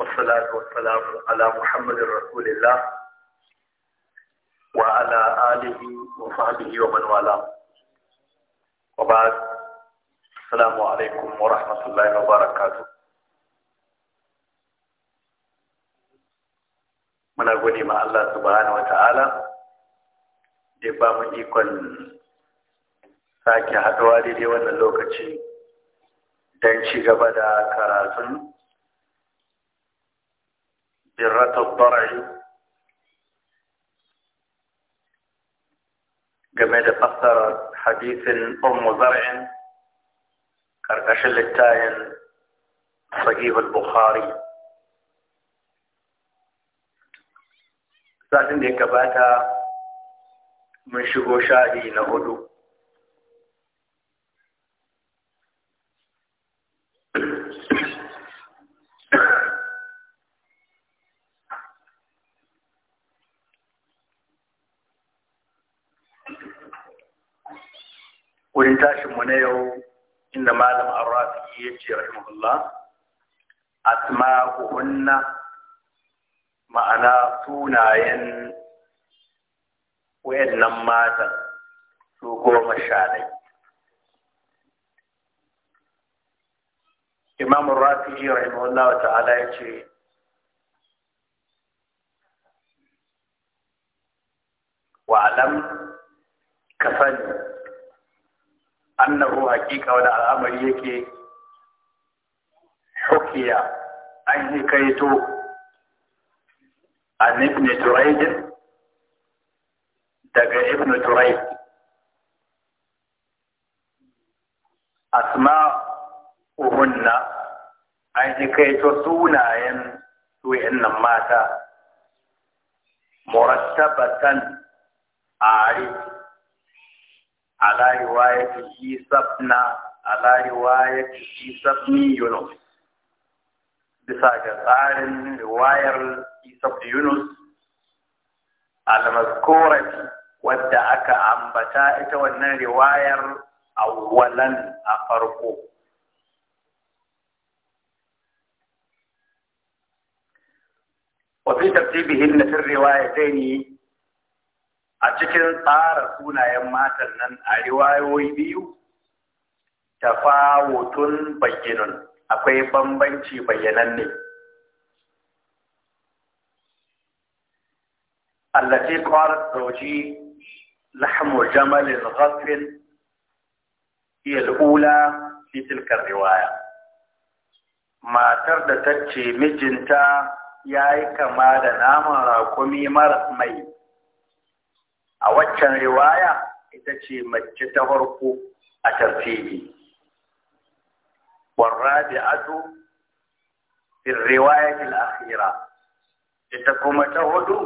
والصلاة والسلام على محمد رسول الله وعلى آله وصحبه ومن والاه وبعد السلام عليكم ورحمة الله وبركاته muna gode ma Allah subhanahu wa ta'ala da ba mu ikon sake haɗuwa daidai wannan lokaci don ci gaba da karatun birratul bara'i game da fasar hadisin ummu zar'in ƙarƙashin littayin sahihul bukhari sa'adin da ya gabata mun shigo sha'adi na hudu tashin mu na yau inda malam arrafi ya ce rahimahullah asma'uhunna ma'ana sunayen wayannan matan su goma sha ɗai imam rafi rahimahullah ta'ala ya ce wa'alam ka sani annahu haƙiƙa wani al'amari yake hukiya an yi kaito an ibn turaijin daga ibn turai. asma uhunna an yi kaito sunayen su'in mata murattabatan a ala riwayatihi sabna ala riwayatihi sabni yunus bisa ga tsarin riwayar isa yunus al-mazkurati wadda aka ambata ita wannan riwayar awwalan a farko وفي ترتيبهن في الروايتين a cikin tsara sunayen matan nan a riwayoyi biyu tafawutun bayyanun akwai bambanci bayyananne allati qalat zawji lahmu jamalin ghasfin hiya al fi riwaya matar da ta ce mijinta yayi kama da naman raƙumi mara mai a waccan riwaya ita ce mace ta farko a tartibi warrabi azu fi riwayatil akhira ita kuma ta hudu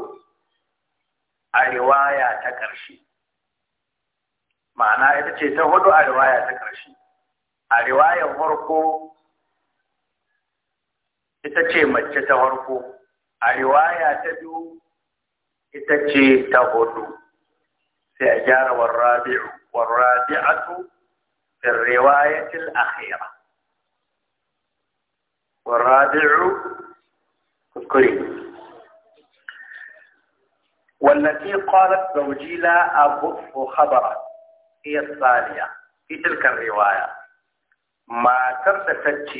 a riwaya ta ƙarshe ma'ana ita ce ta hudu a riwaya ta ƙarshe a riwayar farko ita ce mace ta farko a riwaya ta biyu ita ce ta hudu سيجار والرابع والرابعة في الرواية الأخيرة والرابع الكريم والتي قالت زوجي لا أبث خبرا هي الثانية في تلك الرواية ما ترتفت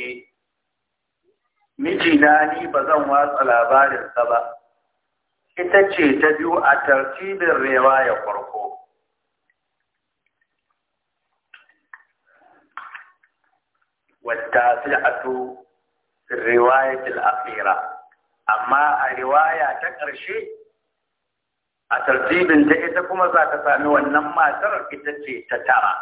مجناني بزن واس على بال الخبر ita ce ta biyu a tartibin riwaya farko ta في الرواية الأخيرة أما ita kuma أترتيب تئت كما wannan matar ita ce ta تترى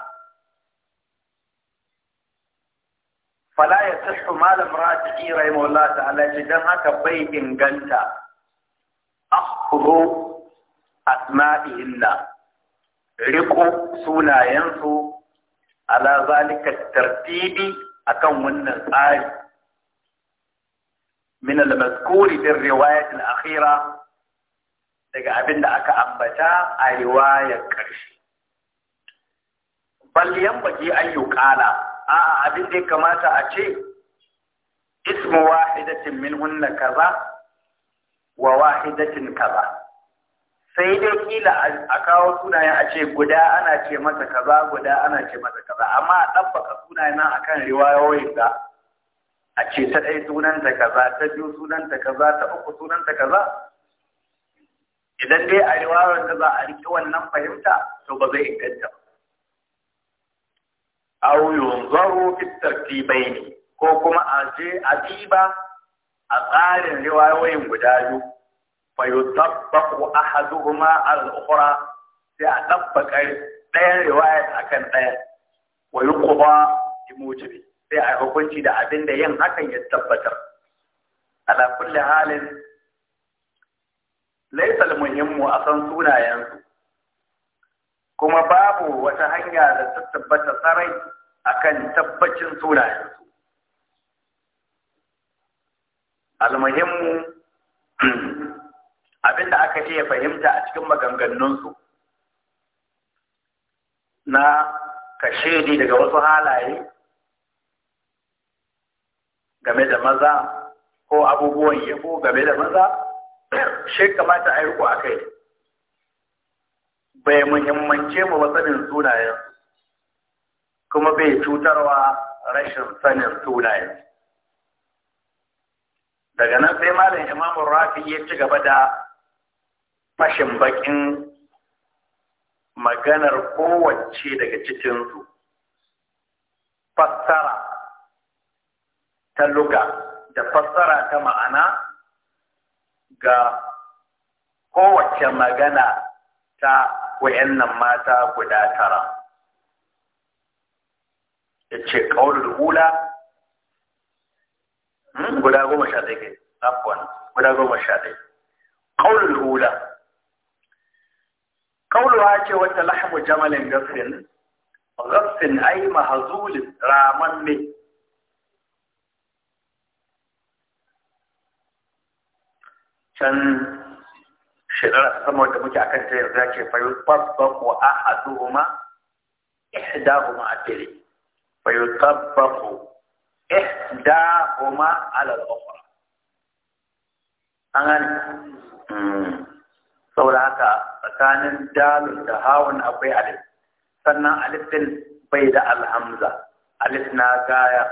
فلا يصح مال امرأة راجعي رحمه الله تعالى جدا هكا بي akhru asma'ihinna riko sunayensu ala zalika tartibi akan wannan tsari min al-mazkuri bin riwayat al-akhira daga abin da aka ambata a riwayar ƙarshe bal yambaji an yuqala a abin da ya kamata a ce ismu wahidatin min hunna kaza wa wahidatin kaza sai dai kila a kawo sunayen a ce guda ana ce mata kaza guda ana ce mata kaza amma a ɗabbaka sunayen nan akan riwayoyin da a ce ta ɗaya sunanta kaza ta biyu sunanta kaza ta uku sunanta kaza idan dai a riwayoyin da za a riƙe wannan fahimta to ba zai inganta ba aw yunzaru fi tartibaini ko kuma a je a diba a tsarin riwayoyin guda biyu fa yutabbaqu ahaduhuma al-ukhra sai a dabbaka ɗayan riwaya akan ɗaya wa yuqba bi mujibi sai a hukunci da abin da yin hakan ya tabbatar ala kulli halin laysa al-muhimmu a san su kuma babu wata hanya da ta tabbata sarai akan tabbacin sunayen su. almuhimmu da aka iya fahimta a cikin maganganunsu na kashe kashedi daga wasu halaye game da maza ko abubuwan yabo game da maza shi kamata a yi riko a kai bai muhimmance mu ba sanin sunayen kuma bai cutarwa rashin sanin sunayen daga nan sai malam imamu rafi ya ci gaba da fashin bakin maganar kowace daga cikinsu fassara ta luga da fassara ta ma'ana ga kowace magana ta wayannan mata guda tara ya ce ƙaunar hula guda goma sha ɗaya kai abuwan guda goma sha ɗaya ƙaunar hula ƙaunar ce wata lahamu jamalin gafin gafin ai mahazulin raman ne can shidara sama da muke akan ta yanzu ya ce fayo tabbaku a haduhuma ihdahuma a tele fayu tabbaku ihdahuma ala al-ukhra an gane saboda haka tsakanin dalil da hawan akwai alif sannan alif din bai da alhamza alif na gaya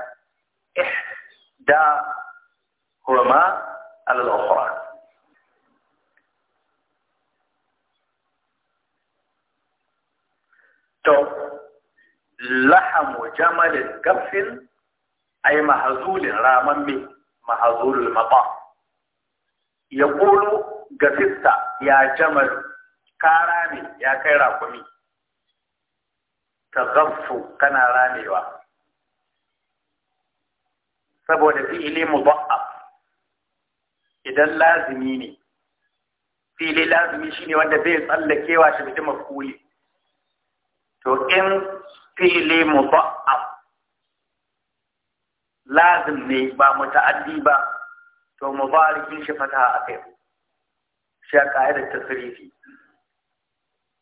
ihda huma ala al-ukhra to lahamu jamalin gafin ai mahazulin ramamme mahazulul maba ya ƙulu ga sista ya jamal kara ne ya kai rakumi ta gafsu kana ranewa. saboda fi'ili mudha'af idan lazimi ne fi'ili lazimi shine wanda bai tsallakewa shi bi mafuli to in fi'ili mudha'af lazim ne ba muta'addi ba to mubarikin shi fataha kai shi a ƙa'idar tasrifi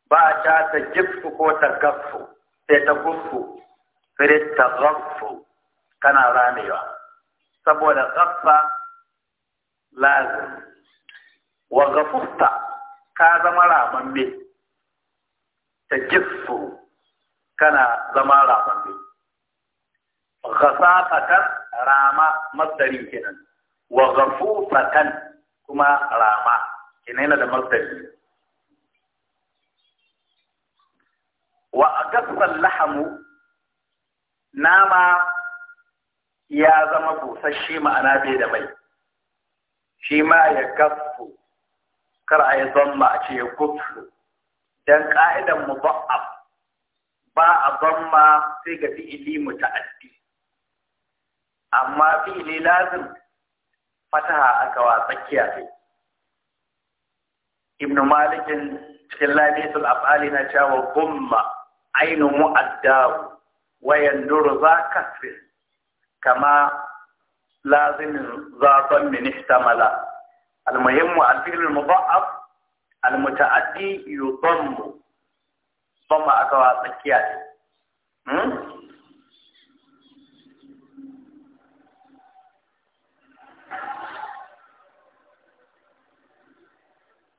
ba ta ta gifu ko ta gafu sai ta gufu sai ta gafu kana ramewa saboda gaffa lazim wa gafusta ka zama ramamme ta gifu kana zama ramamme ghasaqatan rama masdarin kenan wa ghafufatan kuma rama kenan yana da masdari wa agassal lahamu nama ya zama busasshe ma'ana bai da mai shi ma ya gafu kar a yi zamma a ce ya gufu dan ka'idan mu ba a zamma sai ga fi'ili ta'addi. amma ne lazim fataha aka wa tsakiya sai. Ibn malikin cikin lamisul af'ali na cewa gumma ainu mu'addahu wa yanduru za kasrin kama lazimin zaɓen min ihtamala المهم الفعل المضاعف المتعدي يضم ضم أكوا تكياتي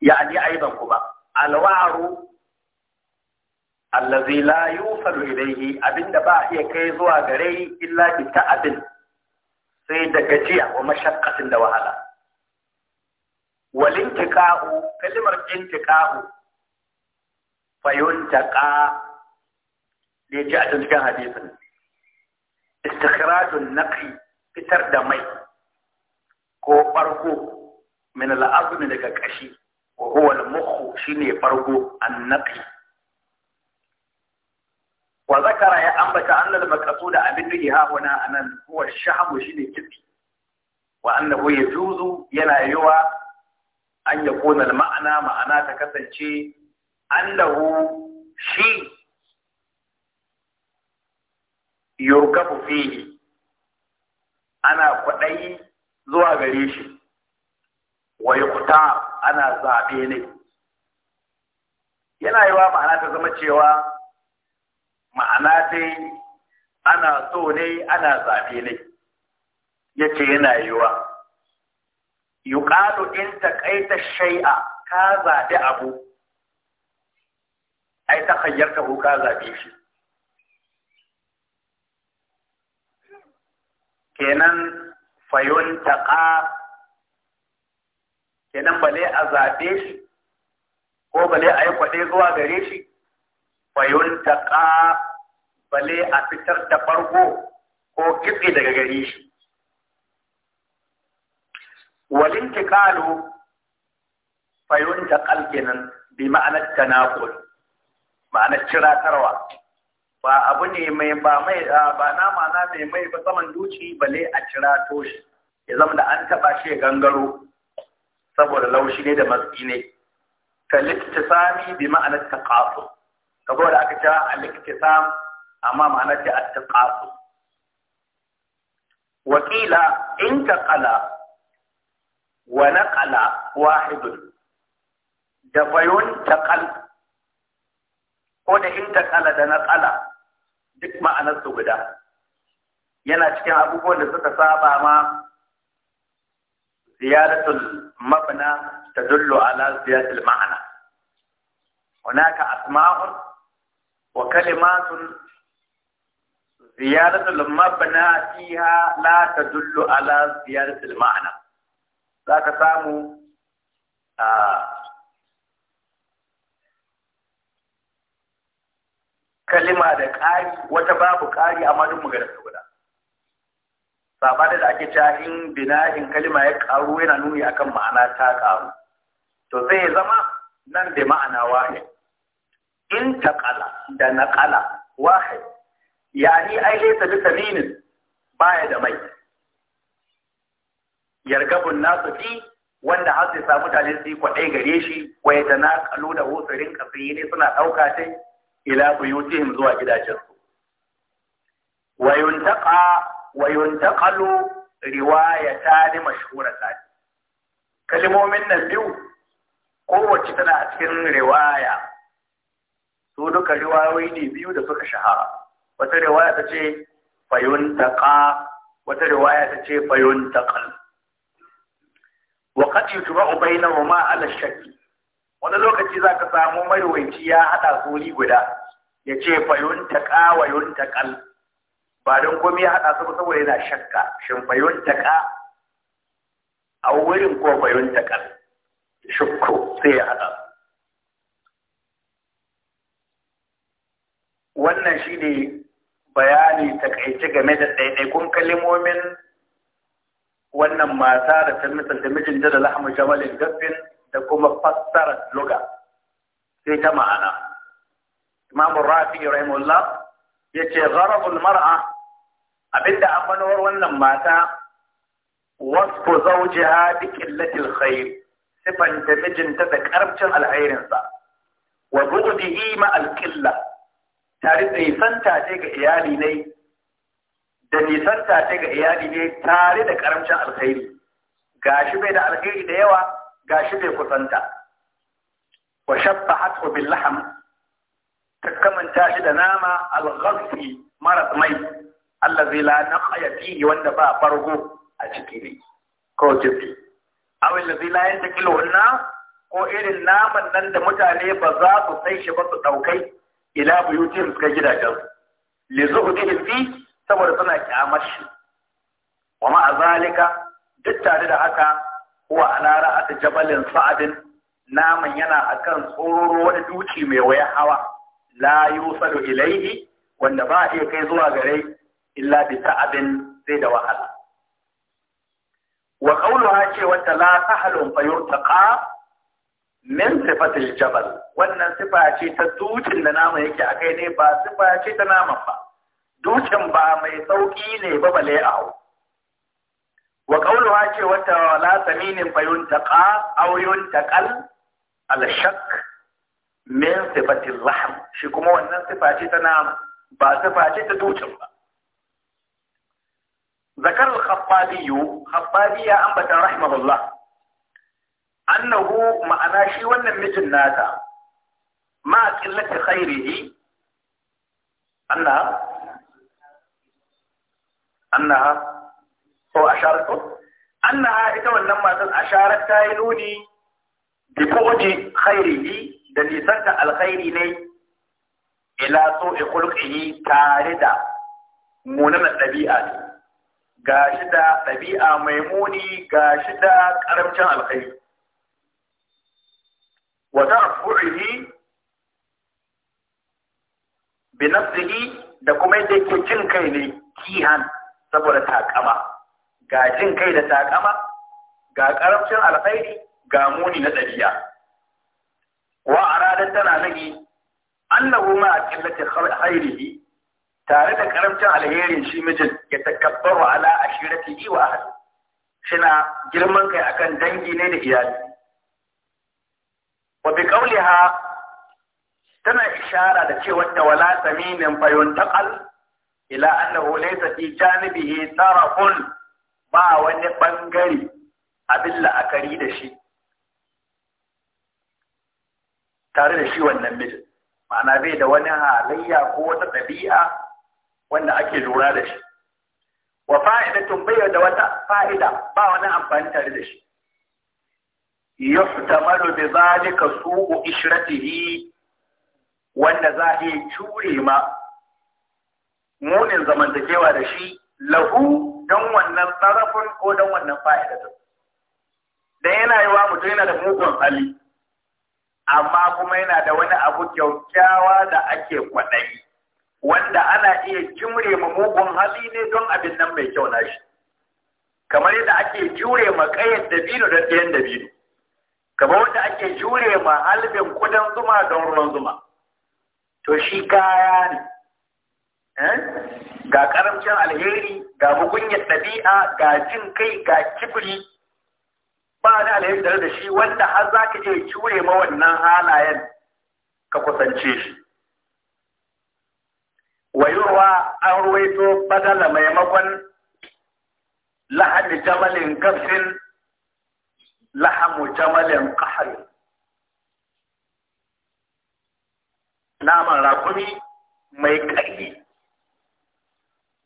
ya ni ayi ban ba alwaru allazi la yufalu ilayhi abinda ba iya kai zuwa gare shi illa bi ta'adil sai da gajiya wa mashaqqatin da wahala walintika'u kalimar intika'u fayuntaka ne ji a cikin hadisin istikhrajun naqi fitar da mai ko farko min al'azmi daga kashi wa huwa al-mukh shine farko annaqi wa zakara ya ambata anna al-maqsud abin da ya hauna anan huwa ash-shahmu shine kitse wa annahu yajuzu yana yawa? an yakuna al-ma'na ma'ana ta kasance annahu shi yurkafu fihi ana kwaɗayi zuwa gare shi wa yuqta ana zaɓe ne yana yi wa ma'ana ta zama cewa ma'ana dai ana so ne ana zaɓe ne ya ce yana yi wa yuƙalu in ta shai'a ka zaɓi abu ai ta hayyarta ko ka zaɓe shi kenan fayun taƙa kenan bale a zaɓe shi ko bale a yi kwaɗe zuwa gare shi fayun taƙa bale a fitar da ɓargo ko kitse daga gare shi walin tikalu fayun taƙal kenan bi ma'anar tanakul ma'anar ciratarwa ba abu ne mai ba mai ba nama na mai mai ba saman duci bale a cirato shi ya zama da an taɓa shi ya gangaro saboda laushi ne da matsi ne ka sami bi ma'anar taqasu kaga da aka a likita liktisam amma ma'anar ce at-taqasu wa Wakila, in kala wa na kala wahidun da ta taqal ko da in ta kala da na kala duk ma'anar su guda yana cikin abubuwan da suka saba ma ziyaratul mabna tadullu ala ziyaratul ma'ana hunaka asma'un wa kalimatun ziyaratul mabna fiha la tadullu ala ziyaratul ma'ana zaka samu kalima da ƙari wata babu ƙari amma duk sabanin da ake cewa in bina'in kalima ya karu yana nuni akan ma'ana ta karu to zai zama nan da ma'ana wahid in taqala da naqala wahid yani ai laysa bi saminin baya da mai yargabun nasu wanda har sai samu mutane su yi kwaɗai gare shi wa ya tanaqalu da husirin kafin suna ɗauka ta ila buyutihim zuwa gidajensu su. ta yuntaqalu riwayatan mashhuratan kalmomin nan biyu kowace tana a cikin riwaya su duka riwayoyi ne biyu da suka shahara wata riwaya ta ce fayuntaqa wata riwaya ta ce fayuntaqal wa qad yutba'u ma ala shakki wani lokaci za ka samu marwaci ya haɗa suri guda ya ce fayuntaqa wa ba don komai ya haɗa su saboda yana shakka shin fayyuntaka a wurin ko fayyuntaka shukku sai ya haɗa wannan shi ne bayani takaice game da ɗaiɗaikun kalimomin wannan mata da ta misal da mijin da lahamu jamalin gaffin da kuma fassara luga sai ta ma'ana imam rafi rahimullah yace gharabul mar'a abinda an manowar wannan mata wasfu zawjiha bi qillatil khair sifanta mijinta da karfin alhairinsa wa bughdihi ma alqilla tare da nisanta ce ga iyali ne da nisanta ce ga iyali ne tare da karamcin alkhairi shi bai da alkhairi da yawa gashi bai kusanta wa shabbahatu bil laham ta kamanta shi da nama al-ghafi mara mai allazi la naqaya fihi wanda ba fargo a ciki ne ko jibi aw allazi la yantakilu hunna ko irin naman nan da mutane ba za su sai shi ba su daukai ila buyutin suka gidajen li zuhdihim fi saboda suna kyamar shi wa ma zalika duk tare da haka huwa ana ra'at jabalin sa'adin naman yana akan tsororo wani duki mai waya hawa la yusalu ilaihi wanda ba iya kai zuwa gare illa bi sa'abin sai da wahala wa qawluha ce wata la sahlun fa yurtaqa min sifatil jabal wannan sifa ce ta dutsen da nama yake kai ne ba sifa ce ta naman ba dutsen ba mai sauki ne ba bale a hau wa qawluha ce wata la saminin fa yuntaqa aw yuntaqal al shakk min sifatil lahm shi kuma wannan sifa ce ta nama ba sifa ce ta dutsen ba ذكر الخطابي خطابي يا أنبت رحمه الله أنه معنى شي ونن مثل ناسا ما قلة خيره أنها أنها هو أشارته أنها إذا ولما أشارت تايلوني بفوج خيره da nisanta alkhairi إلى ila so khulqihi tare da munanan ɗabi'a shi da ɗabi'a mai muni shi da ƙaramcin alkhairi Wata ta'fuhi bi da kuma yadda yake kai ne kihan saboda takama ga jin kai da taƙama ga ƙaramcin alkhairi ga muni na ɗabi'a wa ranar tana nagi annahu ma qillati khairihi tare da karamcin alheri shi mijin ya takabbaru ala ashirati wa ahli shina girman kai akan dangi ne da iyali wa bi qawliha tana ishara da cewa ta wala saminin taqal ila annahu laysa fi janibihi tarafun ba wani bangare abin la'akari da shi tare da shi wannan mijin ma'ana bai da wani halayya ko wata ɗabi'a wanda ake lura da shi wa tun bai da wata fa'ida ba wani amfani tare da shi a bi zalika su'u ishratihi wanda za a iya cure ma munin zamantakewa da shi lahu don wannan tsarafin ko don wannan fa'idatun da yana yi wa mutum yana da mugun hali amma kuma yana da wani abu kyaukyawa da ake kwaɗayi wanda ana iya jure ma mugun hali ne don abin nan mai kyau shi, kamar yadda ake jure ma kayan dabino don ɗayan dabino kamar wanda ake jure ma halbin kudan zuma don ruwan zuma to shi kaya ne eh? ga karamcin alheri ga bugunyar ɗabi'a ga jin kai ga kibri ba da alheri da shi wanda har za ka iya jure ma wannan halayen ka kusance shi wayurwa an ruwaito badala maimakon lahadi jamalin gafin lahamu jamalin kahari naman rakumi mai ƙarfi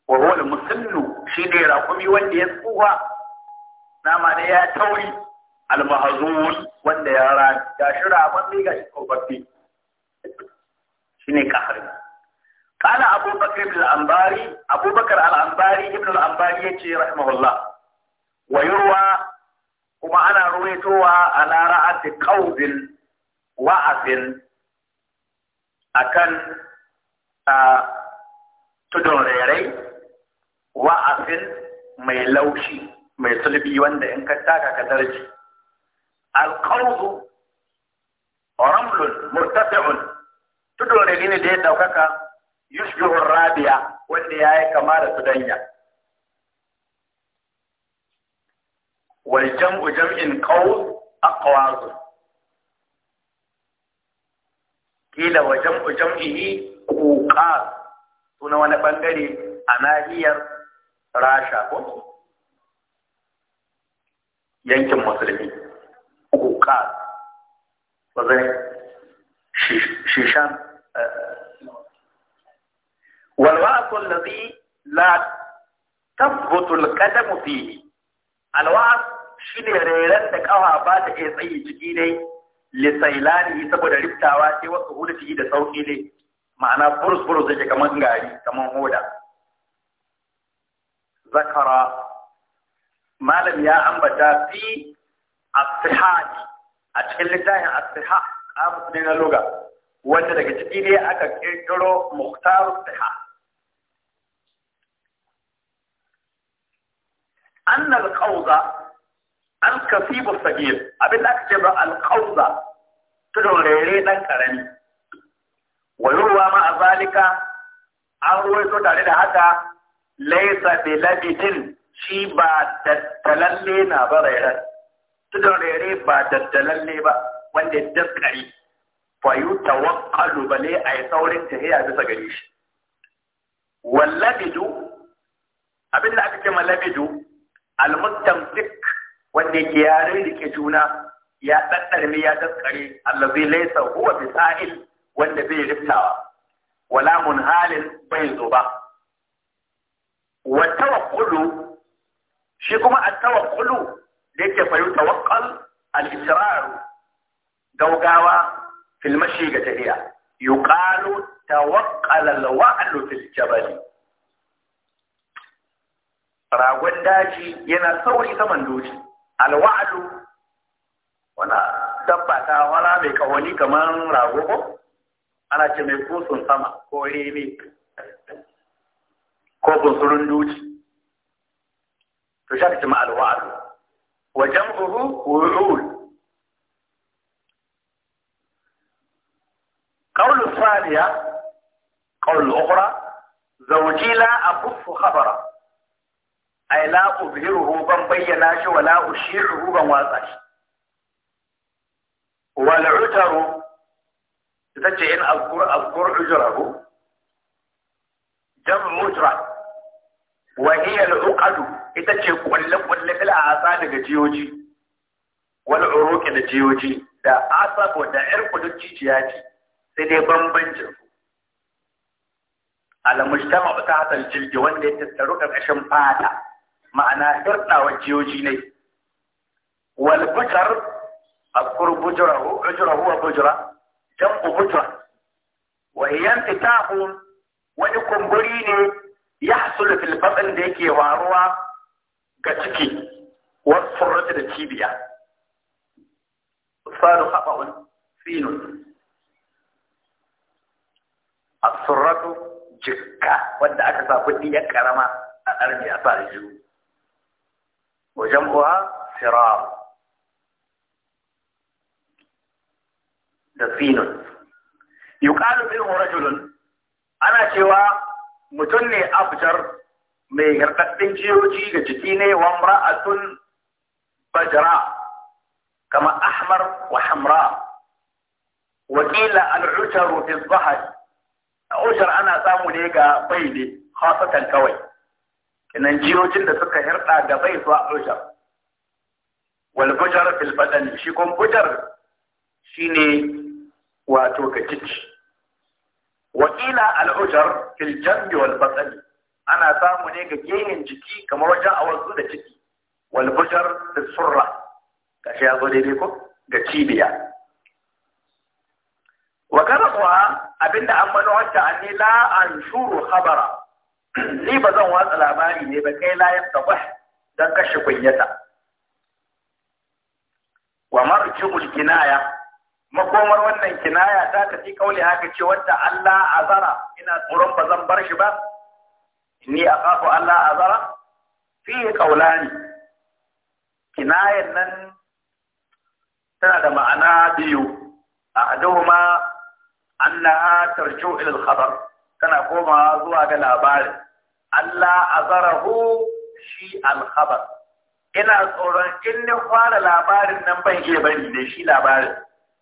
wa wani musulmi shi ne rakumi wanda ya tsuwa nama ne ya tauri almahazun wanda ya rani a shi ramon ne ga shi tsofaffi shi ne kahari قال أبو بكر بن الأنباري أبو بكر الأنباري ابن الأنباري يجي رحمه الله ويروى وما أنا رويته على رأس قوض وعف أكن wa'afin mai laushi mai sulbi wanda in ka taka ka darji alƙawzu ramlun murtafi'un tudurrari ne da ya ɗaukaka yushbihu rabiya wanda yayi kama da sudanya wal jam'u jam'in qawl aqwaz kila wa jam'u jam'ihi quqas suna wani bangare a nahiyar rasha ko yankin musulmi quqas wazai shishan eh, والوعظ الذي لا تثبت القدم فيه الوعظ shine reren da kawa ba ta iya tsayi ciki ne lisailani saboda riftawa ce wasu hudu da sauki ne ma'ana burus burus yake kamar gari kamar hoda zakara malam ya ambata fi asihati a cikin littafin asiha a ne na loga wanda daga ciki ne aka kirkiro muhtar anna al-qawza al-kasib as-sagir abin da aka ce ba al-qawza turere dan karami wa yurwa ma azalika an ruwaito tare da haka Laisa bi labitin shi ba daddalalle na ba rairan turere ba daddalalle ba wanda ya daskare fa yutawakkalu bale ay saurin tahiya bisa gare shi wallabidu abin da aka ce malabidu almustamsik wanda yake yare da ke juna ya daddarme ya daskare allazi laysa huwa bisail wanda bai riftawa wala munhalin bai zuba wa tawakkulu shi kuma at-tawakkulu da yake fa yutawakkal al-israr gaugawa fil mashi ga tafiya yuqalu tawakkala al-wa'lu fil jabali ragon daji yana sauri saman doki alwa'adu wana dabba ta wala mai kawani kamar rago ko ana ce mai kusun sama ko reme ko kunsurin doki to shi ce ma alwa'adu wa jam'uhu wu'ul Saniya, thaniya ukura, zauji zawji la akuffu khabara ai la ubhiruhu ban bayyana shi wala ushiruhu ban watsa shi wal utaru ita ce in azkur azkur ujrahu jam'u ujra wa hiya al uqad ita ce kullu kullu bil asa daga jiyoji wal uruqi da jiyoji da ko da ir kudin jijiya ce sai dai bambancin al mujtama ta hatal jildi wanda ya tattaru karkashin fata ma'ana irɗawar jiyoji ne wal bujar akur bujura hu bujura huwa bujura jam'u bujura wa yantahu wani kumburi ne ya hasula fil batn da yake waruwa ga ciki Wasu surrata da cibiya sadu khaba'un sinun as-surratu jikka wanda aka sa kudi ya karama a armi a sa da jiyo وجمعها فرار دفين يقال منه رجل أنا شوى متني أفجر من هرقتين جيوجي جتيني وامرأة بجراء كما أحمر وحمراء وقيل العشر في الظهر أجر أنا سامو ليك بيدي خاصة كويت inan jiyojin da suka hirɗa da bai zuwa bujar walbujar bujar fil badani shi ne wato ga wakila al'ujar ujar fil ana samu ne ga gehen jiki kamar wajen awazu da ciki walbujar bujar fil surra ya zo daidai ko ga cibiya wa karatuwa abinda an manuwarta an ni la an shuru habara? ni ba zan watsa labari ne ba kai layan da ba don kashe kunyata wa marjumul kinaya makomar wannan kinaya ta tafi kauli haka ce wadda Allah azara ina tsoron ba zan bar shi ba Ni a kafu Allah azara fi qaulani kinayan nan tana da ma'ana biyu ahaduhuma annaha tarju ila al-khabar tana koma zuwa ga labarin Allah azarahu shi alkhabar ina tsoron in ni fara labarin nan ban iya bari da shi labarin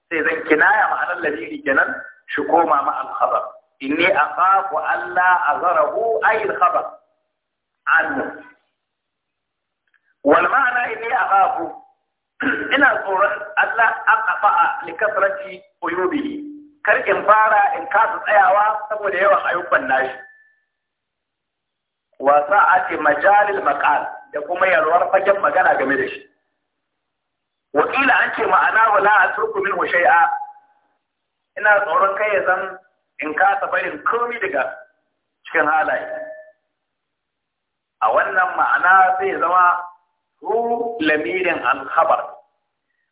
sai zan kinaya ma'anar lamiri kenan shi koma ma alkhabar a akhafu Allah azarahu ay alkhabar annu wal ma'ana a akhafu ina tsoron Allah aqfa li kasrati uyubihi kar in fara in kasa tsayawa saboda yawan ayyukan nashi wa sa'ati majalil maqal da kuma yarwar fagen magana game da shi wakila an ce ma'ana wala atruku minhu shay'a ina tsoron kai ya zan in kasa barin komi daga cikin halaye a wannan ma'ana zai zama ru lamirin alhabar.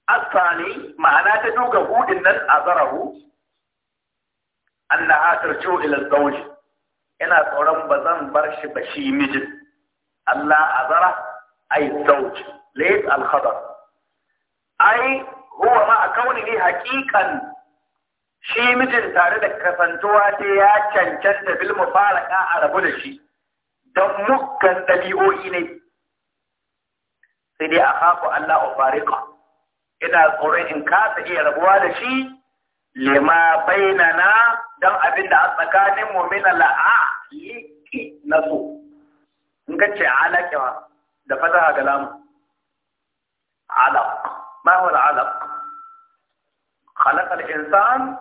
asani ma'ana ta duga hudin nan a zarahu annaha tarju ila zawji ina tsoron ba zan bar shi ba shi mijin Allah azara ai zauj lays al khabar ai huwa ma kauni ne haqiqan shi mijin tare da kasantuwa ce ya cancanta bil mufaraka a rabu da shi don muggan dabi'o'i ne sai dai a haku Allah ufarika ina tsoron in kasa iya rabuwa da shi lima bainana don abin da a tsakanin mu min la'a yi na so in ka ce alaƙewa da fataha ga lamu alaƙ ma huwa alaƙ khalaqa al-insan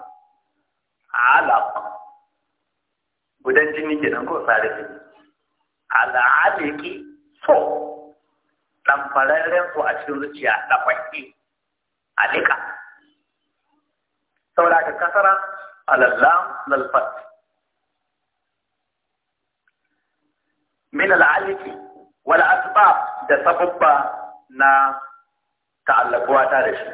alaƙ gudan jini nan ko tsare jini al'aliki so ɗanfararren ko a cikin zuciya ɗafaƙi alika saboda ka kasara alallam lalfat min al'aliki wal asbab da sababba na ta'allakuwa da shi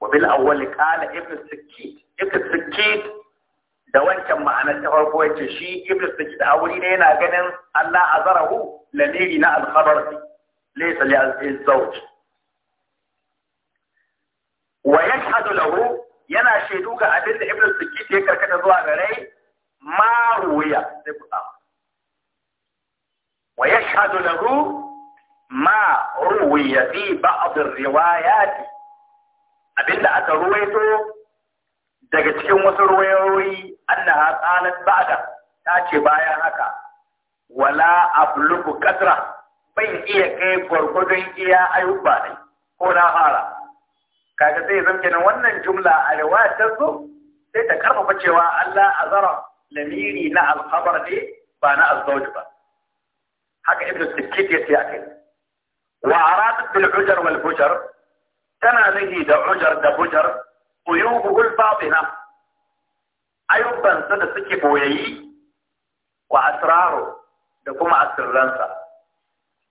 wa bil awwal qala ibn sikkit da wancan ma'anar ta farko shi ibn sikkit a wuri ne yana ganin Allah azarahu lamiri na al-khabar laysa li al-zawj wa yashhadu lahu yana shaidu ga abinda da ibn sikkit ya karkata zuwa gare ma ruwiya sai wa yashhadu lahu ma ruwiya fi ba'd riwayat abinda aka ruwaito daga cikin wasu ruwayoyi annaha qalat ba'da ta ce bayan haka wala abluku kadra ban iya kai gwargwadon iya ayyuka ne ko na fara kaga sai zan kenan wannan jumla a riwaya ta zo sai ta karfafa cewa Allah azara lamiri na alkhabar ne ba na azzauj ba حق ابن السكيت يسياكل وعرابت بالعجر والبجر كما نهي دا عجر دا بجر قيوبه الباطنة أيضا سد سكي بويهي وأسراره لكم أسرانسا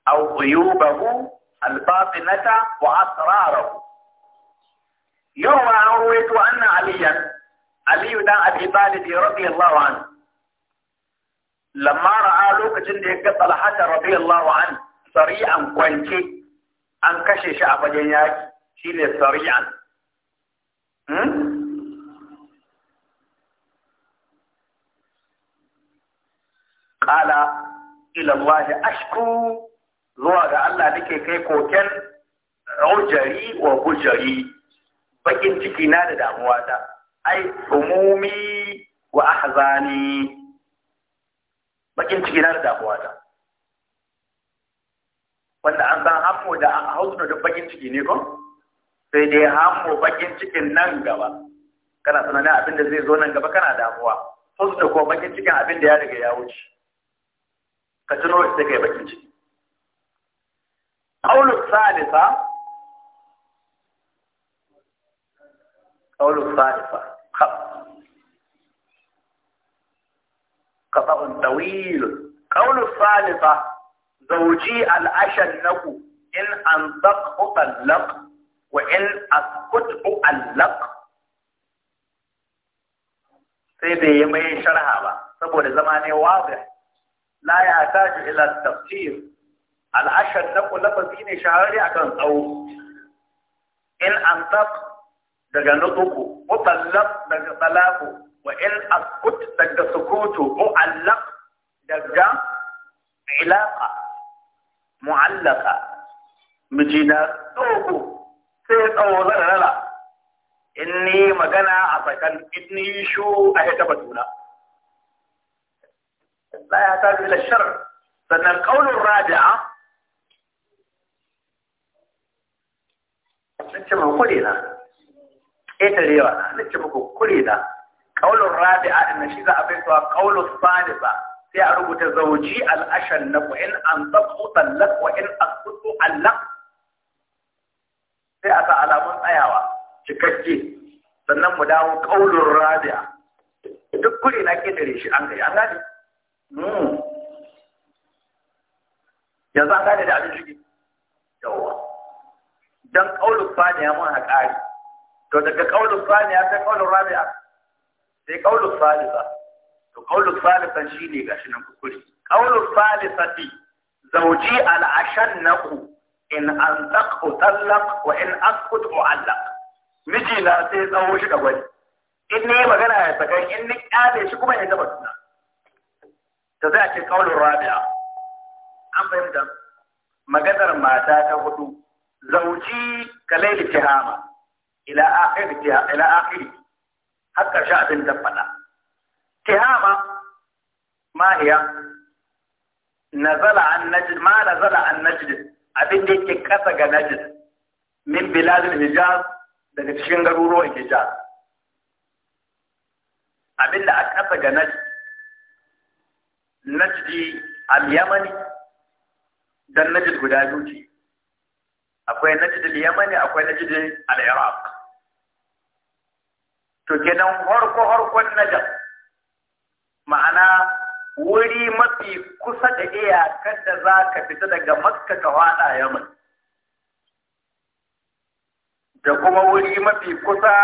أو قيوبه الباطنة وأسراره يروى عن رويته أن عليا علي بن أبي طالب رضي الله عنه lamma ra'a lokacin da ya ga talhata radiyallahu an sari'an kwance an kashe shi a fagen yaki shine sari'an hmm? qala ila Allah ashku zuwa ga Allah nake kai koken ujari wa bujari bakin ciki na da damuwa ta ai umumi wa ahzani bakin ciki na da damuwa ta wanda an san hamo da an hausa da bakin ciki ne ko sai dai hamo bakin cikin nan gaba kana tunanin abin da zai zo nan gaba kana damuwa su da kuma bakin cikin abin da ya riga ya wuce ka tuno sai kai bakin ciki qaulu salisa qaulu salisa قطع طويل قول الصالحة زوجي الأشد نقو إن أنطق أطلق وإن أسكت أطلق سيدي يمي شرها با سبور واضح لا يحتاج إلى التفسير الأشد نقو لفظيني شهري أكن أو إن أنطق دغنطق أطلق دغنطلاق وإن أسكت دقة سكوت معلق دقة علاقة معلقة مجينا توقو سيد أولا للا إني مغنى أفكان إني شو أهيك بدونا لا يحتاج إلى الشر فإن القول الراجع نتشبه كلنا إيه تليوانا نتشبه كلنا kaulun rabi'a din shi za a bai suwa kaulun salisa sai a rubuta zauji al'ashan na ku in an zaku tallak wa in asqutu allak sai a sa alamun tsayawa cikakke sannan mu dawo kaulun rabi'a duk kuri na ke dare shi an gani an gani hmm. yanzu an gane da abin shige yawa dan kaulun fadiya mun haƙari to daga kaulun ya sai kaulun rabi'a sai kaulu salisa to kaulu salisa shine gashi nan kukuri kaulu salisati zauji al-ashannaqu in an taqu talaq wa in asqut mu'allaq miji na sai tsawo shi da gwani in ne magana ya saka in ni kyale shi kuma ya gaba suna ta zai ake kaulin rabi'a an fahimta maganar mata ta hudu zauji kalaili tihama ila akhiri ila akhiri har ƙarshen abin da faɗa tihama mahiya nazala an najd ma nazala an najd abin da yake kasa ga najd min biladul hijaz daga cikin garuruwan hijaz abin da a kasa ga najd najdi al yamani dan najd guda biyu akwai najd al yamani akwai najd al iraq to kenan harko harkon najam ma'ana wuri mafi kusa da iyakar da za ka fita daga makka ka hada yaman da kuma wuri mafi kusa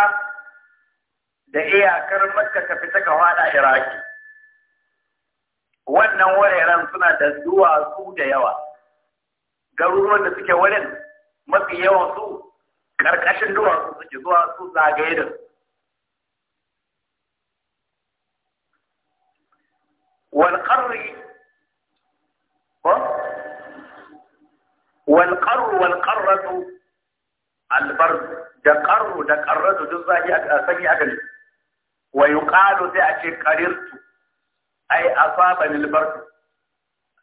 da iyakar makka ka fita ka hada iraki wannan wuraren suna da duwatsu da yawa garuruwan da suke wurin mafi yawan su ƙarƙashin duwatsu suke zuwa su zagaye da su والقر والقر والقرة البرد دقر دقرة جزء سمي أقل ويقال ذاك قررت أي أصابني البرد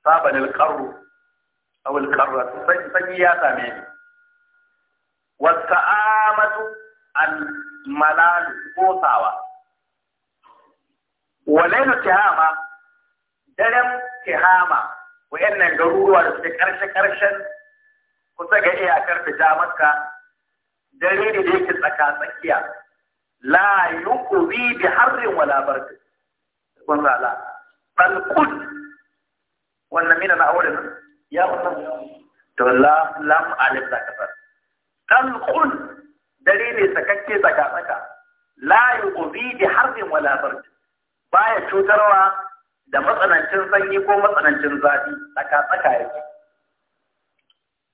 أصابني القر أو القرة سمي يا والسآمة الملال قوتاوة وليل التهامة daren tihama nan garuruwa da suke karshe-karshen kusa ga iyakar da jamarka dare ne da yake tsaka-tsakiya la yuqzi bi harrin wala barka kun sala bal kun wannan mina na awalin ya wannan to la lam alif da kasar kal kun dare ne sakakke tsaka-tsaka la yuqzi bi harrin wala barka baya cutarwa da matsanancin sanyi ko matsanancin zafi tsaka tsaka yake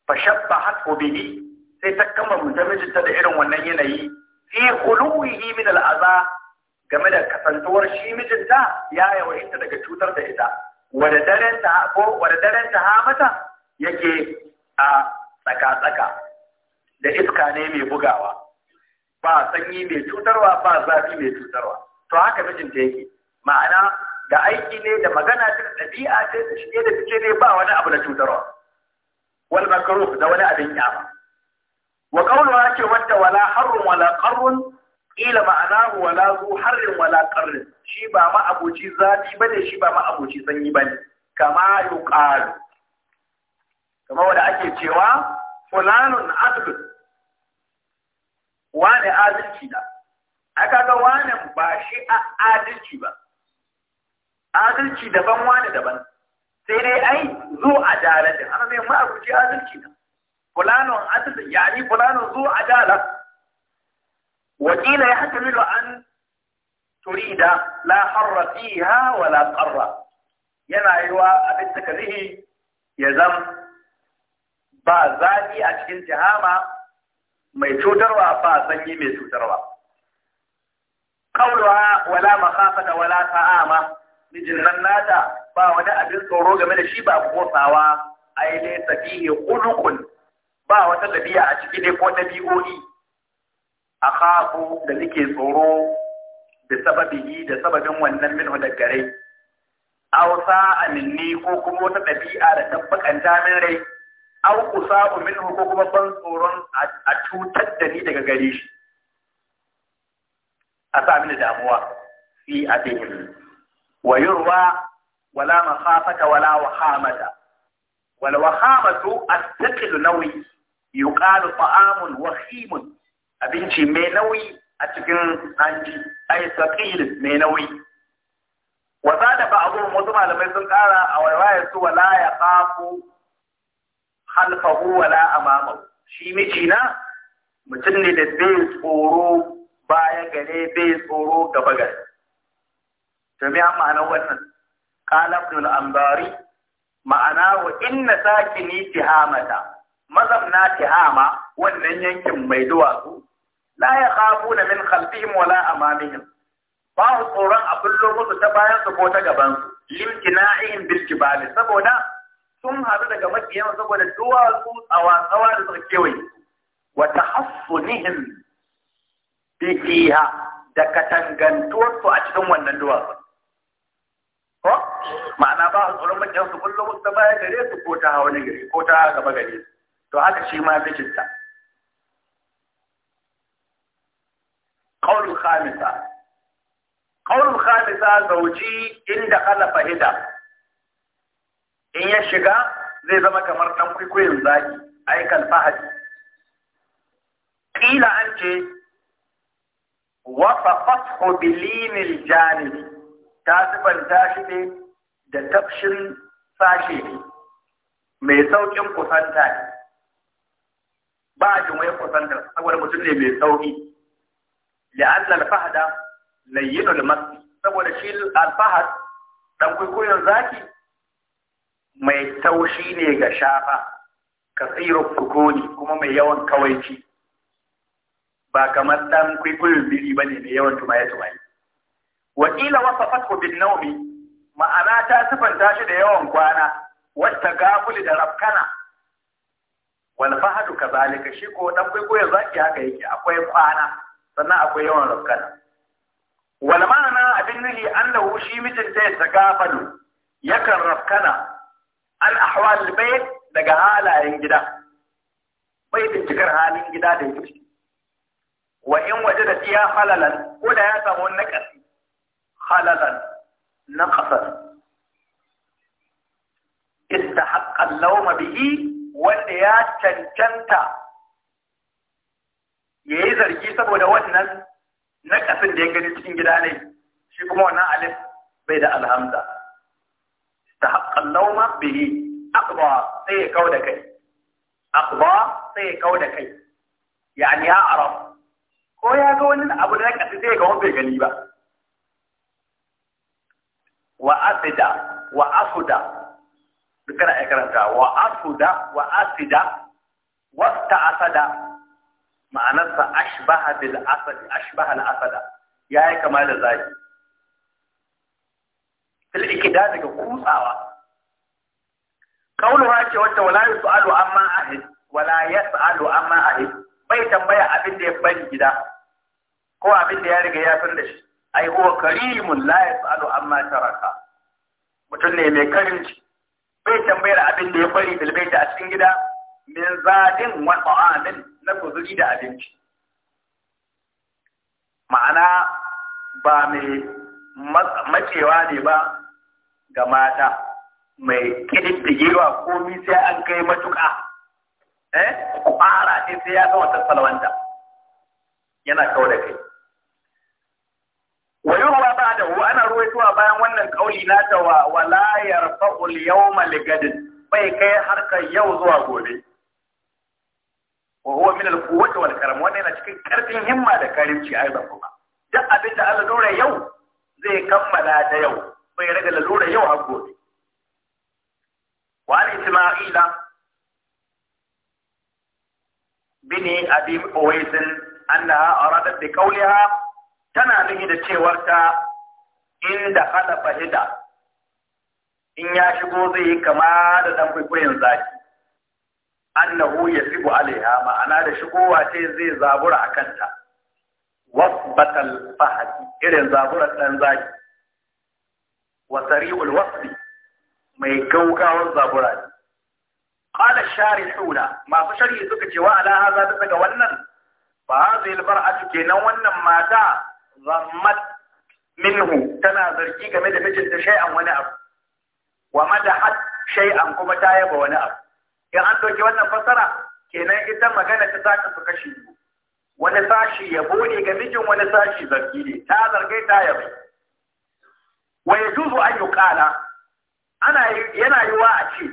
fa shabbahat bihi sai ta kama mutum mijinta da irin wannan yanayi fi khuluwihi min al'aza game da kasantuwar shi mijinta ya yawaita daga cutar da ita wada daren ta ko daren ta ha mata yake a tsaka tsaka da iska ne mai bugawa ba sanyi mai cutarwa ba zafi mai cutarwa to haka mijinta yake ma'ana da aiki ne da magana ce da ɗabi'a ce da shige da fice ne ba wani abu na cutarwa wal makruh da wani abin kyama wa qawluha ce wanda wala harrun wala qarrun ila ma'anahu wala zu harrun wala qarrun shi ba ma abuci zafi bane shi ba ma abuci sanyi bane kama yuqalu kama wanda ake cewa fulanun adl wani adalci da aka ga wani ba shi adalci ba adalci daban wani daban sai dai ai zo adalatin ana mai ma'abuci adalci na fulanon adalci yani fulanon zo adala wakila ya haka milo an turida la harra fiha wa la qarra yana yiwa abin takarihi ya zam ba zafi a cikin jahama mai cutarwa ba sanyi mai cutarwa qawluha wala makhafata wala ta'ama mijin nata ba wani abin tsoro game da shi ba motsawa yi nesa safihi khuluqun ba wata ɗabi'a a ciki ne ko A kafu da nake tsoro da sababihi da sababin wannan minhu da gare aw sa'a minni ko kuma wata ɗabi'a da tabbakanta min rai aw usa'u minhu ko kuma ban tsoron a cutar da ni daga gare shi a sa mini damuwa fi abihim wa yurwa wala makhafata wala wahamata wal wahamatu at-thiqlu nawi yuqalu ta'amun wahimun abinci mai nauyi a cikin hanji ay saqil mai nauyi wa sada ba'dhum wasu malamai sun kara a wayar wala ya khafu halfahu wala amamahu shi mijina mutum ne da bai tsoro baya gare bai tsoro gaba gare Tumi me an ma'anar wannan qala ibn al-anbari ma'ana wa inna sakini tihamata mazamna tihama wannan yankin mai duwatsu la yakhafuna min khalfihim wala amamihim ba su tsoron a bullo ta bayan su ko ta gaban su limtina'ihim bil jibali saboda sun haɗu daga makiyan saboda duwatsu tsawa tsawa da suka kewaye wa tahassunihim bikiha da katangantuwarsu a cikin wannan duwatsu ma'ana ba su tsoron makiyan su kullum ta baya gare su ko ta hawa gari ko ta gaba gari. to haka shi ma zikinta qawlu khamisa qawlu khamisa zauji inda kala fahida in ya shiga zai zama kamar dan kwaikwayon zaki aikal fahadi kila an ce وصفته ta sifanta shi ne da tafshin sashe ne mai saukin kusanta ne ba a jin wai kusanta saboda mutum ne mai sauki li'anna na yi layyinul masli saboda shi al-fahad dan kwaikwayon zaki mai taushi ne ga shafa Ka kasirin fukoni kuma mai yawan kawaici ba kamar ɗan kwaikwayon biri ne mai yawan tumaye tumaye wa wasa fasko bin nawmi ma'ana ta sifanta shi da yawan kwana wata gafuli da rafkana Wani fahadu ka kazalika shi ko dan kwaikwayo zaki haka yake akwai kwana sannan akwai yawan rafkana wani ma'ana abin nuhi annahu shi mijin ta ta gafalu yakan rafkana an ahwal bai daga halayen gida bai bincikar halin gida da yake wa in waje da tiya halalan ko da ya samu nakasi halalan naqasan istahaqqa al-lawma bihi wanda ya cancanta Ya yi zargi saboda wannan naqasin da ya gani cikin gida ne shi kuma wannan alif bai da alhamza istahaqqa al-lawma bihi aqba sai ya da kai aqba sai ya da kai yani ya arab ko ya ga wani abu da naqasi sai ga wanda bai gani ba afida wa afuda dukkan a karanta wa afuda wa asida wasta asada ma'anarsa ashbaha bil asad ashbaha al asada yayi kama da zaki fil ikida daga kutsawa kauluha ce wata wala yusalu amma ahid wala yasalu amma ahid bai tambaya abin da ya bari gida ko abin da ya riga ya san da shi ai huwa karimun la yasalu amma taraka mutum ne mai karin ci. bai tambayar abin da ya bari ta a cikin gida min zadin wa ta'amin na kuzuri da abinci ma'ana ba mai macewa ne ba ga mata mai kididdigewa komi sai an kai matuka. eh ƙwara ne sai ya zama salwanta yana kawo da kai ويروى بعده وانا رويتها بيان وانا القولي ناتا ولا يرفع اليوم لقد فيكي حركة يوزوا قولي وهو من القوة والكرم وانا نشكي كرتين همة لكريم شي ايضا فما جاء بيتا على دور يوم زي كم لا تيوم فيرقى لدور يوم قولي وعن اسماعيل بني ابي اويس انها ارادت بقولها tana nufi da cewar ta inda hala fahida in ya shigo zai yi kama da dan kwaikwayon zaki annahu bu alaiha ma'ana da shigowa ce zai zabura a kanta wasbatal fahadi irin zaburar dan zaki wa sari'ul wasfi mai gaugawar zabura ne qala sharihuna masu shari suka ce wa ala haza bisa ga wannan fa hadhihi al cike kenan wannan mata zammat minhu tana zargi game da mijinta shay'an wani abu wa madahat shay'an kuma ta yaba wani abu in an dauki wannan fassara kenan ita magana ta saka su kashi wani sashi yabo ne ga mijin wani sashi zargi ne ta zargai ta yabo wa yajuzu an yuqala ana yana yiwa a ce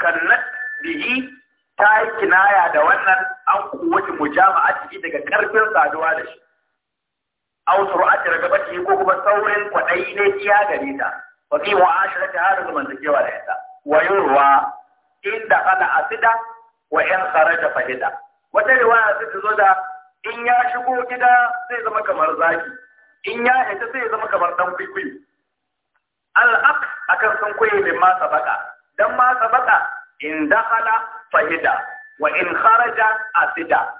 kannat bihi ta yi kinaya da wannan an kuwaci mujama'a ciki daga karfin saduwa da shi aw sur'ati ragabati ko kuma saurin kwaɗayi ne iya gare ta wa fi mu'asharati hada zamantakewa da ita wa yurwa inda kana asida wa in kharaja fahida wata riwaya sai ta zo da in ya shigo gida zai zama kamar zaki in ya hita sai zama kamar dan kwaikwayo al'aq kan sun kwaye mai ma sabaka don ma sabaka in da dakhala fahida wa in kharaja asida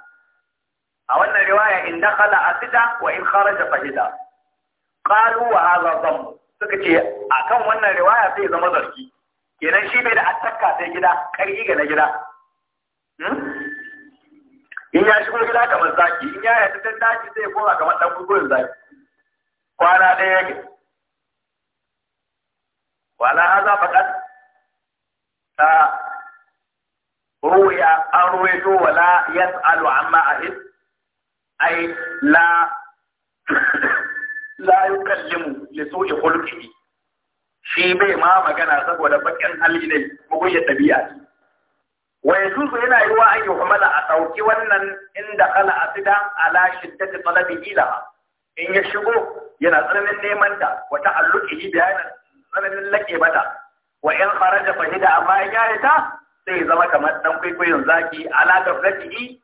a wannan riwaya in dakhala asida wa in kharaja fahida qalu wa hadha dhamm suka ce akan wannan riwaya sai zama zargi kenan shi bai da attaka sai gida karki ga na gida hmm? in ya shigo gida kamar zaki in ya yata ta daji sai koma kamar dan gurgurin zaki kwana ɗaya yake wala hadha faqat ta ruya an ruwaito wala yas'alu amma ahid ai la la yukallimu li su'i khulqihi shi bai ma magana saboda bakin hali ne mugunya tabi'a ce wa yasusu yana yiwa an yi humala a ɗauki wannan inda kala asida ala shiddati talabi ilaha in ya shigo yana tsananin neman ta wa ta'alluqihi bayana tsananin lake mata wa fara kharaja fahida amma ya ta sai zama kamar dan kwaikwayon zaki ala gaflatihi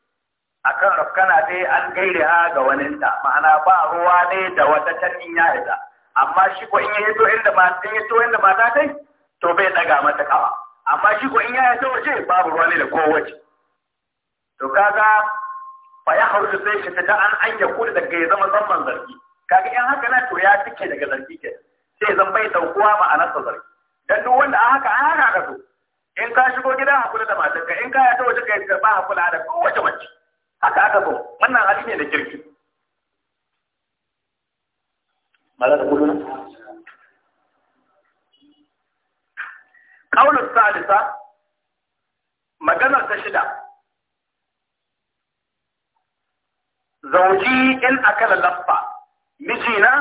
akan rafkana dai an gaire ha ga waninta ma'ana ba ruwa ne da wata can ya isa amma shi ko in ya hito inda ma in ya hito inda mata kai to bai daga mata kawa amma shi ko in ya hito waje babu ruwa ne da kowace to kaga fa ya hauru sai shi ta an an ya kuda daga ya zama zamman zargi kaga in haka na to ya tike daga zargi ke sai zan bai daukuwa sa zargi dan duk wanda a haka an haka ka so in ka shigo gida hakuri da matarka in ka ya ta waje kai ba hakuri da kowace mace haka aka so wannan hali ne da kirki mala da kulluna salisa maganar ta shida zauji in kana laffa mijina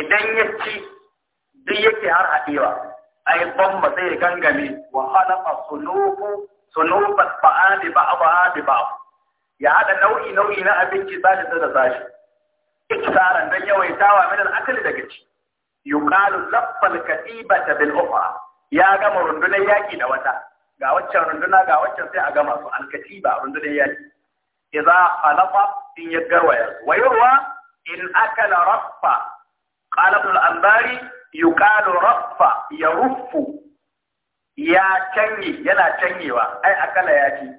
idan ya ci duk yake har haɗewa ai bomba sai ya gangame wa halafa sunubu sunubat ba'a ba'a ya haɗa nau'i nau'i na abinci sashi da sashi iktaran don yawaitawa min al-akli daga ci yuqalu laffal katiba ta ukhra ya gama rundunar yaƙi da wata ga waccan runduna ga waccan sai a gama su al-katiba rundunar yaki idza khalafa in yagarwaya wa yurwa in akala raffa qala ambari, anbari yuqalu raffa rufu. ya canye yana canyewa ai akala ya ci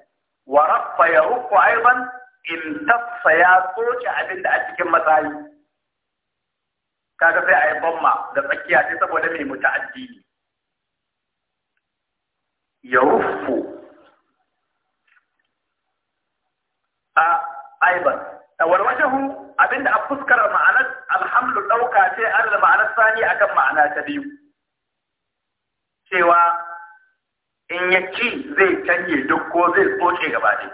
wa raffa ya rufu aiban in tafsa ya soke abin da a cikin matsayi kaga sai a yi bamma da tsakiya sai saboda mai muta'addi addini. ya rufu a aiban warwashahu abinda a fuskar ma'anar alhamdu ɗauka ce an ma'anar sani akan ma'ana ta biyu cewa in ya ci zai canye duk ko zai tsoce gaba ne.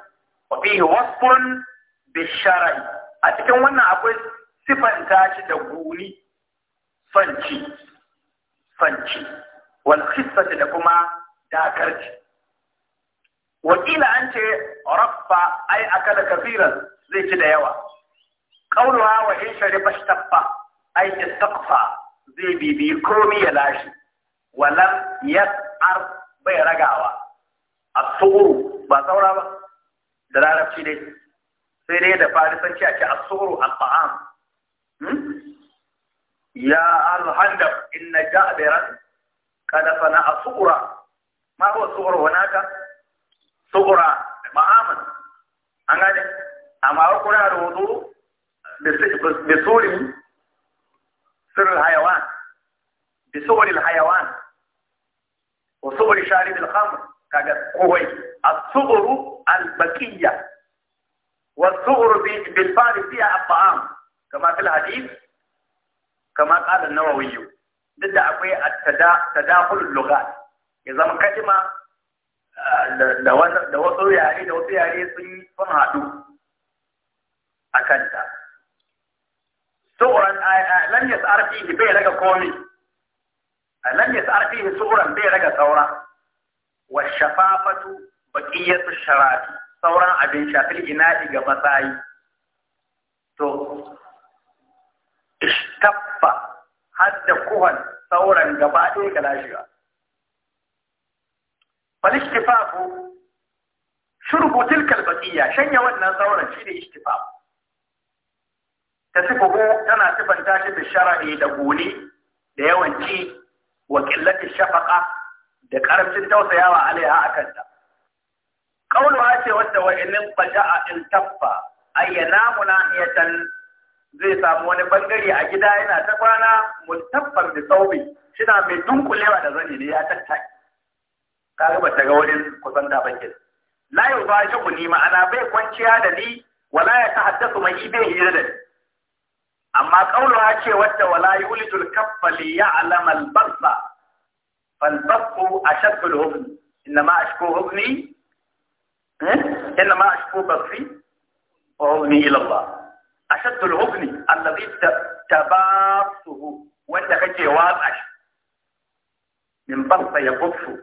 wa wasfun bishara'i a cikin wannan akwai sifanta shi da guni fanci fanci wal da kuma dakarci wakila an ce raffa ai akala kafiran zai ci da yawa Ƙaunuwa wa in shariba ishtaffa ai istaqfa zai bibi komi ya lashi walam yas'ar bai ragawa a tsoro ba saura ba da larabci dai sai dai da farisanci a ce a tsoro a ta'am hmm? ya ja inna beran kada sana a tsora ma ba tsoro wanaka tsora ma'amun an gane amma wa kuna da wudu bi suri hayawan bi hayawan وصبر شارب الخمر كذا قوي الصبر البقية والصبر بالفعل فيها الطعام كما في الحديث كما قال النووي ضد أقوي التداخل اللغات إذا ما كتم da wasu yare da wasu yare sun sun haɗu a kanta. Tsoron lam yas'ar fihi bai raga komai lam yas'ar fihi su'ran bai raga saura wa shafafatu baqiyatu sharabi sauran abin shafil ina'i ga matsayi to istaffa hadda kuhan sauran gaba ɗaya ga lashiwa falistifafu shurbu tilkal baqiya shanya wannan sauran shine istifaf tana sifanta shi da da goni da yawanci. wa qillati shafaqa da karamcin tausayawa alaiha akanta kauluha ce wanda wa in tabba, in taffa ay yanamu can. zai samu wani bangare a gida yana ta kwana mutaffar da saubi shina mai dunkulewa da zani ne ya tattaki kaga ba ta ga wurin kusan da bakin la yubashu ni ma'ana bai kwanciya da ni wala ya tahaddathu mai ibe hira da ni amma kaulawa ce wadda wala yulijul kaffa li ya'lam al bassa fal bassu ashaddu al hubn inma ashku hubni eh? inma ashku basri wa hubni ila Allah ashaddu al hubni alladhi tabasuhu wanda kake watsa shi min bassa ya buffu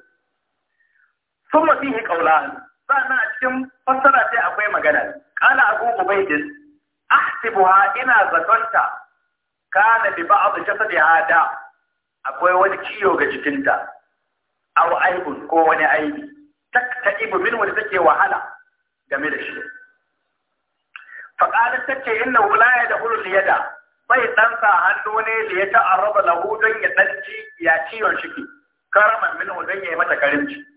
thumma fihi qawlan sannan a cikin fassara sai akwai magana qala abu ubaidin ahsibuha ina zatonta kana bi ba'd jasadi da akwai wani ciyo ga jikinta aw aibun ko wani aibi taktaibu min wanda take wahala game da shi fa qala tace inna la yadkhulu al-yada bai dan sa hannu ne da ya ta'arraba lahu don ya danci ya ciyon shi karaman min don ya mata karimci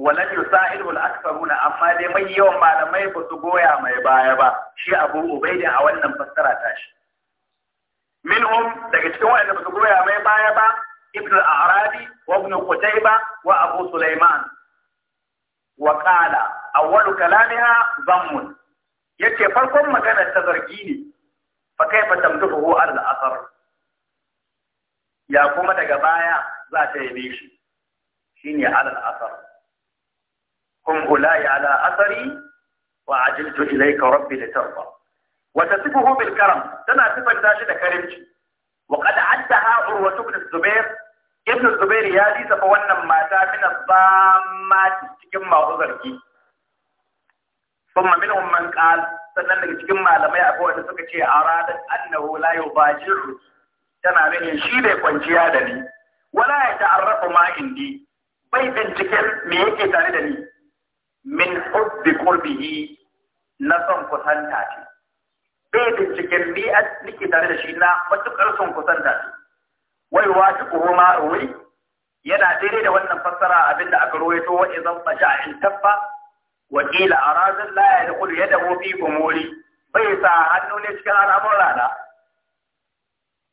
walan yusa'ilu al-aktharuna amma dai mai yawan malamai ba su goya mai baya ba shi Abu Ubaida a wannan fassara ta shi minhum daga cikin waɗanda ba su goya mai baya ba Ibn al-Arabi wa Ibn Qutayba wa Abu Sulaiman wa qala awwalu kalamiha zammun yace farkon maganar ta zargi ne fa kaifa tamduhu al-athar ya kuma daga baya za ta yi shi shine al-athar hum ulai ala asari wa ajiltu ilayka rabbi litarda wa tasifuhu bil karam tana sifanta shi da karimci wa qad addaha urwa ibn zubair ibn zubair ya lissafa wannan mata min zammati cikin ma'uzarki ثم منهم من sannan daga cikin malamai akwai wanda suka ce a ranar annahu la yubajiru tana nufin shi bai kwanciya da ni wala ya ta'arrafu ma indi bai binciken me yake tare da ni من حب قربه نصم قصان تاتي بيد الشكل بيئة لكي تغير شينا وتبقى نصم قصان تاتي ويواجبه ما روي ينا تريد وانا فسر أبدا أكرويته وإذا الطجاع التفى وقيل أراد لا يدخل يده في بمولي بيسا هنو نشكل على مولانا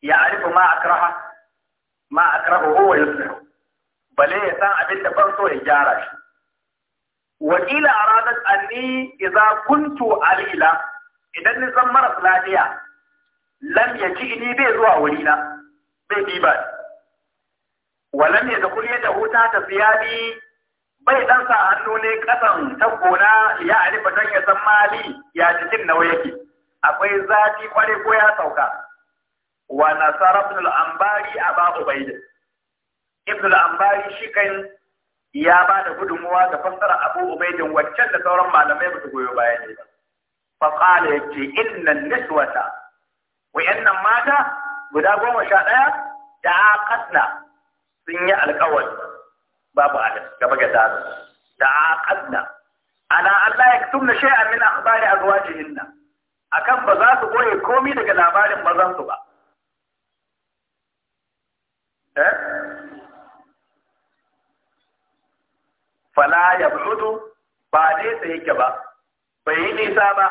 يعرف ما أكره ما أكرهه هو يصنعه بل يسا إيه أبدا بنصو إجارة شينا wakila a ranar anni iza kuntu alila idan ni zan maras lafiya lam ya ci ni bai zuwa wuri na, bai bi ba walam ya da kuliyar da huta ta bi bai dan sa hannu ne kasan gona ya alifa dan ya san mali ya cikin nawa yake akwai zafi kware ko ya sauka wa nasara ibn al-ambari aba ubayd ibn al-ambari shi kan ya ba da gudunmuwa da fassara abu ubaidin waccan da sauran malamai ba su goyo baya ne ba faƙala ya ce innan niswata wayannan mata guda goma sha ɗaya da ƙasna sun yi alƙawari babu adal gaba ga dadu da ƙasna ana Allah ya tumna a min akhbari A akan ba za su goye komai daga labarin mazan su ba eh fala ya budu ba nesa yake ba bai yi nisa ba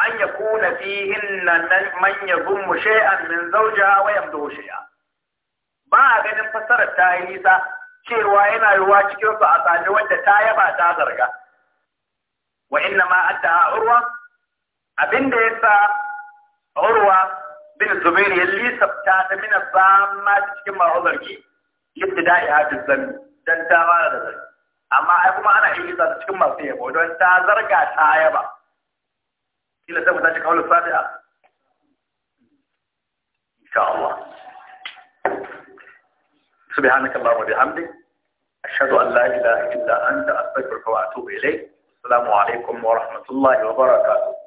an ya kuna fihin nan man ya gummu shay'an min zawjiha wa yamdu shay'a ba a ganin fassarar ta yi nisa cewa yana yiwuwa cikin su a sami wanda ta yaba ta zarga wa inna ma adda urwa abinda sa urwa bin zubair ya lisafta ta min zamma cikin ma'uzarki ibtida'i hadis zan dan ta fara da zargi amma ai kuma ana iya isa cikin masu yabo don ta zarga ta yaba kila sai mu tashi kawo fatiha insha Allah سبحانك اللهم وبحمدك أشهد أن لا إله إلا أنت أستغفرك وأتوب إليك السلام عليكم ورحمة الله وبركاته